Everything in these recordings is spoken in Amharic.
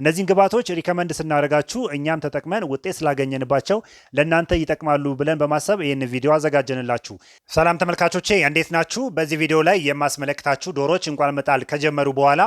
እነዚህን ግብዓቶች ሪከመንድ ስናደርጋችሁ እኛም ተጠቅመን ውጤት ስላገኘንባቸው ለእናንተ ይጠቅማሉ ብለን በማሰብ ይህን ቪዲዮ አዘጋጀንላችሁ። ሰላም ተመልካቾቼ እንዴት ናችሁ? በዚህ ቪዲዮ ላይ የማስመለክታችሁ ዶሮች እንቁላል መጣል ከጀመሩ በኋላ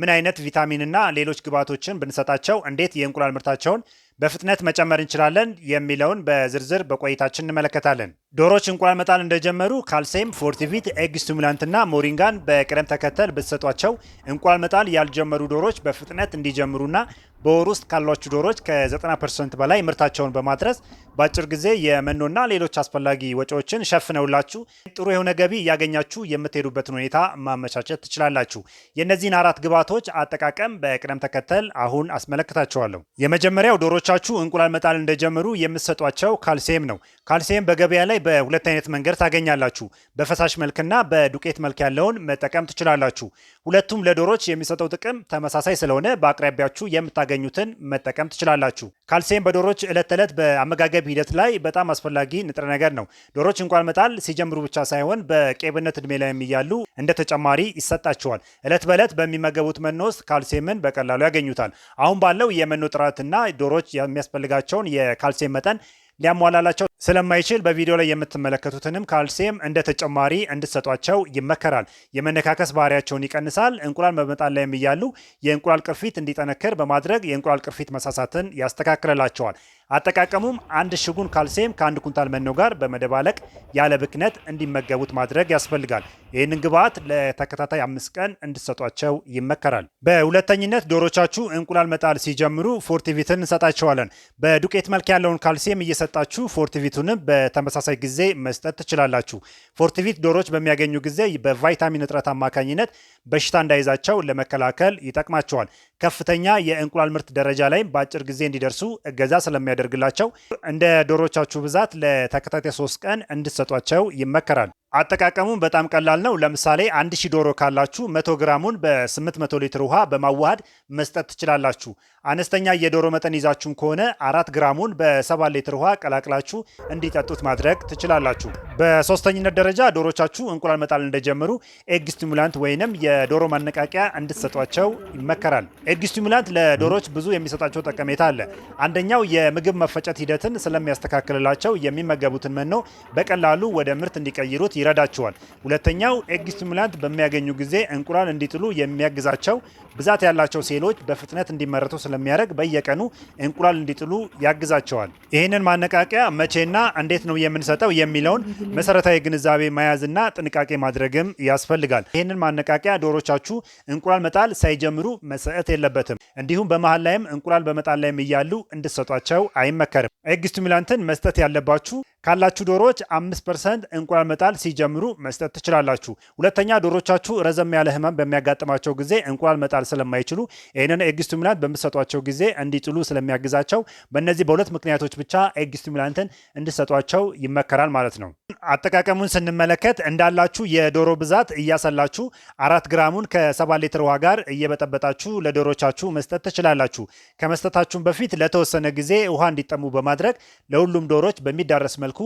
ምን አይነት ቪታሚንና ሌሎች ግብዓቶችን ብንሰጣቸው እንዴት የእንቁላል ምርታቸውን በፍጥነት መጨመር እንችላለን የሚለውን በዝርዝር በቆይታችን እንመለከታለን። ዶሮች እንቁላል መጣል እንደጀመሩ ካልሴም፣ ፎርቲቪት፣ ኤግ ስቲሙላንት እና ሞሪንጋን በቅደም ተከተል ብትሰጧቸው እንቁላል መጣል ያልጀመሩ ዶሮች በፍጥነት እንዲጀምሩና በወር ውስጥ ካሏችሁ ዶሮች ከ90 ፐርሰንት በላይ ምርታቸውን በማድረስ በአጭር ጊዜ የመኖና ሌሎች አስፈላጊ ወጪዎችን ሸፍነውላችሁ ጥሩ የሆነ ገቢ እያገኛችሁ የምትሄዱበትን ሁኔታ ማመቻቸት ትችላላችሁ። የእነዚህን አራት ግብዓቶች አጠቃቀም በቅደም ተከተል አሁን አስመለክታቸዋለሁ። የመጀመሪያው ዶሮቻችሁ እንቁላል መጣል እንደጀመሩ የምትሰጧቸው ካልሲየም ነው። ካልሲየም በገበያ ላይ በሁለት አይነት መንገድ ታገኛላችሁ። በፈሳሽ መልክና በዱቄት መልክ ያለውን መጠቀም ትችላላችሁ። ሁለቱም ለዶሮች የሚሰጠው ጥቅም ተመሳሳይ ስለሆነ በአቅራቢያችሁ የምታገኙትን መጠቀም ትችላላችሁ። ካልሲየም በዶሮች ዕለት ተዕለት በአመጋገብ ሂደት ላይ በጣም አስፈላጊ ንጥረ ነገር ነው። ዶሮች እንቁላል መጣል ሲጀምሩ ብቻ ሳይሆን በቄብነት እድሜ ላይ የሚያሉ እንደ ተጨማሪ ይሰጣቸዋል። ዕለት በዕለት በሚመገቡት መኖ ውስጥ ካልሲየምን በቀላሉ ያገኙታል። አሁን ባለው የመኖ ጥራትና ዶሮች የሚያስፈልጋቸውን የካልሲየም መጠን ሊያሟላላቸው ስለማይችል በቪዲዮ ላይ የምትመለከቱትንም ካልሲየም እንደ ተጨማሪ እንድትሰጧቸው ይመከራል። የመነካከስ ባህሪያቸውን ይቀንሳል። እንቁላል በመጣል ላይ እያሉ የእንቁላል ቅርፊት እንዲጠነክር በማድረግ የእንቁላል ቅርፊት መሳሳትን ያስተካክልላቸዋል። አጠቃቀሙም አንድ ሽጉን ካልሲየም ከአንድ ኩንታል መኖ ጋር በመደባለቅ ያለ ብክነት እንዲመገቡት ማድረግ ያስፈልጋል። ይህንን ግብዓት ለተከታታይ አምስት ቀን እንድሰጧቸው ይመከራል። በሁለተኝነት ዶሮቻችሁ እንቁላል መጣል ሲጀምሩ ፎርቲቪትን እንሰጣቸዋለን። በዱቄት መልክ ያለውን ካልሲየም እየሰጣችሁ ፎርቲቪቱንም በተመሳሳይ ጊዜ መስጠት ትችላላችሁ። ፎርቲቪት ዶሮች በሚያገኙ ጊዜ በቫይታሚን እጥረት አማካኝነት በሽታ እንዳይዛቸው ለመከላከል ይጠቅማቸዋል። ከፍተኛ የእንቁላል ምርት ደረጃ ላይም በአጭር ጊዜ እንዲደርሱ እገዛ ስለሚያደ ስለሚያደርግላቸው እንደ ዶሮቻችሁ ብዛት ለተከታታይ ሶስት ቀን እንድትሰጧቸው ይመከራል። አጠቃቀሙን በጣም ቀላል ነው። ለምሳሌ አንድ ሺህ ዶሮ ካላችሁ መቶ ግራሙን በ800 ሊትር ውሃ በማዋሃድ መስጠት ትችላላችሁ። አነስተኛ የዶሮ መጠን ይዛችሁም ከሆነ አራት ግራሙን በ7 ሊትር ውሃ ቀላቅላችሁ እንዲጠጡት ማድረግ ትችላላችሁ። በሶስተኝነት ደረጃ ዶሮቻችሁ እንቁላል መጣል እንደጀመሩ ኤግ ስቲሙላንት ወይንም የዶሮ ማነቃቂያ እንድትሰጧቸው ይመከራል። ኤግ ስቲሙላንት ለዶሮች ብዙ የሚሰጣቸው ጠቀሜታ አለ። አንደኛው የምግብ መፈጨት ሂደትን ስለሚያስተካክልላቸው የሚመገቡትን መኖ በቀላሉ ወደ ምርት እንዲቀይሩት ይረዳቸዋል። ሁለተኛው ኤግ ስቲሙላንት በሚያገኙ ጊዜ እንቁላል እንዲጥሉ የሚያግዛቸው ብዛት ያላቸው ሴሎች በፍጥነት እንዲመረቱ ስለሚያደርግ በየቀኑ እንቁላል እንዲጥሉ ያግዛቸዋል። ይህንን ማነቃቂያ መቼና እንዴት ነው የምንሰጠው የሚለውን መሰረታዊ ግንዛቤ መያዝና ጥንቃቄ ማድረግም ያስፈልጋል። ይህንን ማነቃቂያ ዶሮቻችሁ እንቁላል መጣል ሳይጀምሩ መሰጠት የለበትም። እንዲሁም በመሀል ላይም እንቁላል በመጣል ላይም እያሉ እንድሰጧቸው አይመከርም። ኤግ ስቲሙላንትን መስጠት ያለባችሁ ካላችሁ ዶሮዎች አምስት ፐርሰንት እንቁላል መጣል ሲ ሲጀምሩ መስጠት ትችላላችሁ። ሁለተኛ ዶሮቻችሁ ረዘም ያለ ህመም በሚያጋጥማቸው ጊዜ እንቁላል መጣል ስለማይችሉ ይህንን ኤግ ስቲሙላንት በምትሰጧቸው ጊዜ እንዲጥሉ ስለሚያግዛቸው በእነዚህ በሁለት ምክንያቶች ብቻ ኤግ ስቲሙላንትን እንድሰጧቸው ይመከራል ማለት ነው። አጠቃቀሙን ስንመለከት እንዳላችሁ የዶሮ ብዛት እያሰላችሁ አራት ግራሙን ከሰባ ሊትር ውሃ ጋር እየበጠበጣችሁ ለዶሮቻችሁ መስጠት ትችላላችሁ። ከመስጠታችሁን በፊት ለተወሰነ ጊዜ ውሃ እንዲጠሙ በማድረግ ለሁሉም ዶሮች በሚዳረስ መልኩ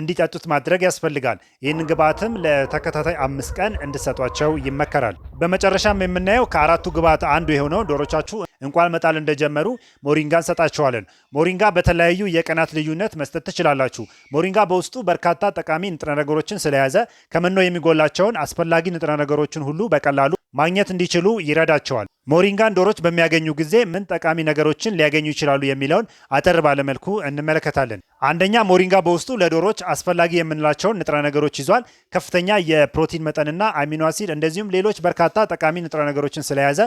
እንዲጠጡት ማድረግ ያስፈልጋል። ይህን ግብአትም ለተከታታይ አምስት ቀን እንድሰጧቸው ይመከራል። በመጨረሻም የምናየው ከአራቱ ግባት አንዱ የሆነው ዶሮቻችሁ እንቁላል መጣል እንደጀመሩ ሞሪንጋ እንሰጣቸዋለን። ሞሪንጋ በተለያዩ የቀናት ልዩነት መስጠት ትችላላችሁ። ሞሪንጋ በውስጡ በርካታ ጠቃሚ ንጥረ ነገሮችን ስለያዘ ከመኖ የሚጎላቸውን አስፈላጊ ንጥረ ነገሮችን ሁሉ በቀላሉ ማግኘት እንዲችሉ ይረዳቸዋል። ሞሪንጋን ዶሮች በሚያገኙ ጊዜ ምን ጠቃሚ ነገሮችን ሊያገኙ ይችላሉ የሚለውን አጠር ባለመልኩ እንመለከታለን። አንደኛ ሞሪንጋ በውስጡ ለዶሮች አስፈላጊ የምንላቸውን ንጥረ ነገሮች ይዟል። ከፍተኛ የፕሮቲን መጠንና አሚኖ አሲድ እንደዚሁም ሌሎች በርካታ ጠቃሚ ንጥረ ነገሮችን ስለያዘ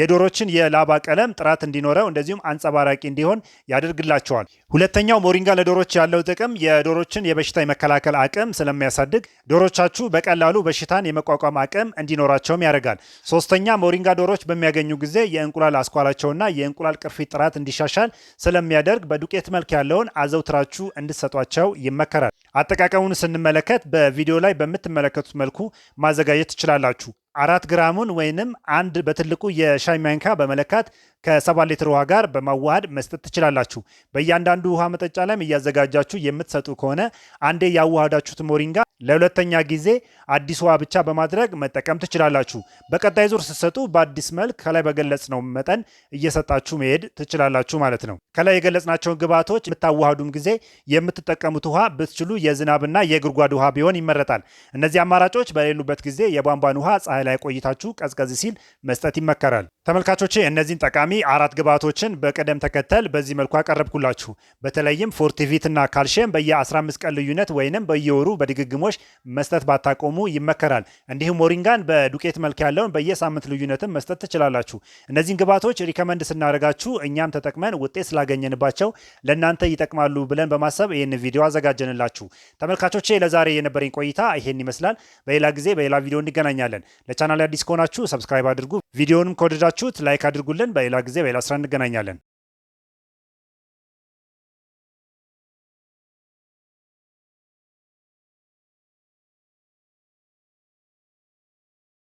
የዶሮችን የላባ ቀለም ጥራት እንዲኖረው እንደዚሁም አንጸባራቂ እንዲሆን ያደርግላቸዋል። ሁለተኛው ሞሪንጋ ለዶሮች ያለው ጥቅም የዶሮችን የበሽታ የመከላከል አቅም ስለሚያሳድግ ዶሮቻችሁ በቀላሉ በሽታን የመቋቋም አቅም እንዲኖራቸውም ያደርጋል። ሶስተኛ ሞሪንጋ ዶሮች በሚያገኙ ጊዜ የእንቁላል አስኳላቸውና የእንቁላል ቅርፊት ጥራት እንዲሻሻል ስለሚያደርግ በዱቄት መልክ ያለውን አዘውትራችሁ እንድሰጧቸው ይመከራል። አጠቃቀሙን ስንመለከት በቪዲዮ ላይ በምትመለከቱት መልኩ ማዘጋጀት ትችላላችሁ። አራት ግራሙን ወይንም አንድ በትልቁ የሻይ ማንካ በመለካት ከሰባት ሊትር ውሃ ጋር በማዋሃድ መስጠት ትችላላችሁ። በእያንዳንዱ ውሃ መጠጫ ላይም እያዘጋጃችሁ የምትሰጡ ከሆነ አንዴ ያዋሃዳችሁት ሞሪንጋ ለሁለተኛ ጊዜ አዲስ ውሃ ብቻ በማድረግ መጠቀም ትችላላችሁ። በቀጣይ ዙር ስትሰጡ በአዲስ መልክ ከላይ በገለጽ ነው መጠን እየሰጣችሁ መሄድ ትችላላችሁ ማለት ነው። ከላይ የገለጽናቸውን ግብዓቶች የምታዋሃዱም ጊዜ የምትጠቀሙት ውሃ ብትችሉ የዝናብና የጉድጓድ ውሃ ቢሆን ይመረጣል። እነዚህ አማራጮች በሌሉበት ጊዜ የቧንቧን ውሃ ፀሐይ ፀሐይ ላይ ቆይታችሁ ቀዝቀዝ ሲል መስጠት ይመከራል። ተመልካቾቼ እነዚህን ጠቃሚ አራት ግብዓቶችን በቅደም ተከተል በዚህ መልኩ አቀረብኩላችሁ። በተለይም እና ካልሽየም በየ15 ቀን ልዩነት ወይንም በየወሩ በድግግሞሽ መስጠት ባታቆሙ ይመከራል። እንዲሁም ሞሪንጋን በዱቄት መልክ ያለውን በየሳምንት ልዩነትም መስጠት ትችላላችሁ። እነዚህን ግብዓቶች ሪከመንድ ስናደርጋችሁ እኛም ተጠቅመን ውጤት ስላገኘንባቸው ለእናንተ ይጠቅማሉ ብለን በማሰብ ይህን ቪዲዮ አዘጋጀንላችሁ። ተመልካቾቼ ለዛሬ የነበረኝ ቆይታ ይሄን ይመስላል። በሌላ ጊዜ በሌላ ቪዲዮ እንገናኛለን። ለቻናል አዲስ ከሆናችሁ ሰብስክራይብ አድርጉ። ቪዲዮንም ከወደዳ ካላችሁት ላይክ አድርጉልን። በሌላ ጊዜ በሌላ ስራ እንገናኛለን።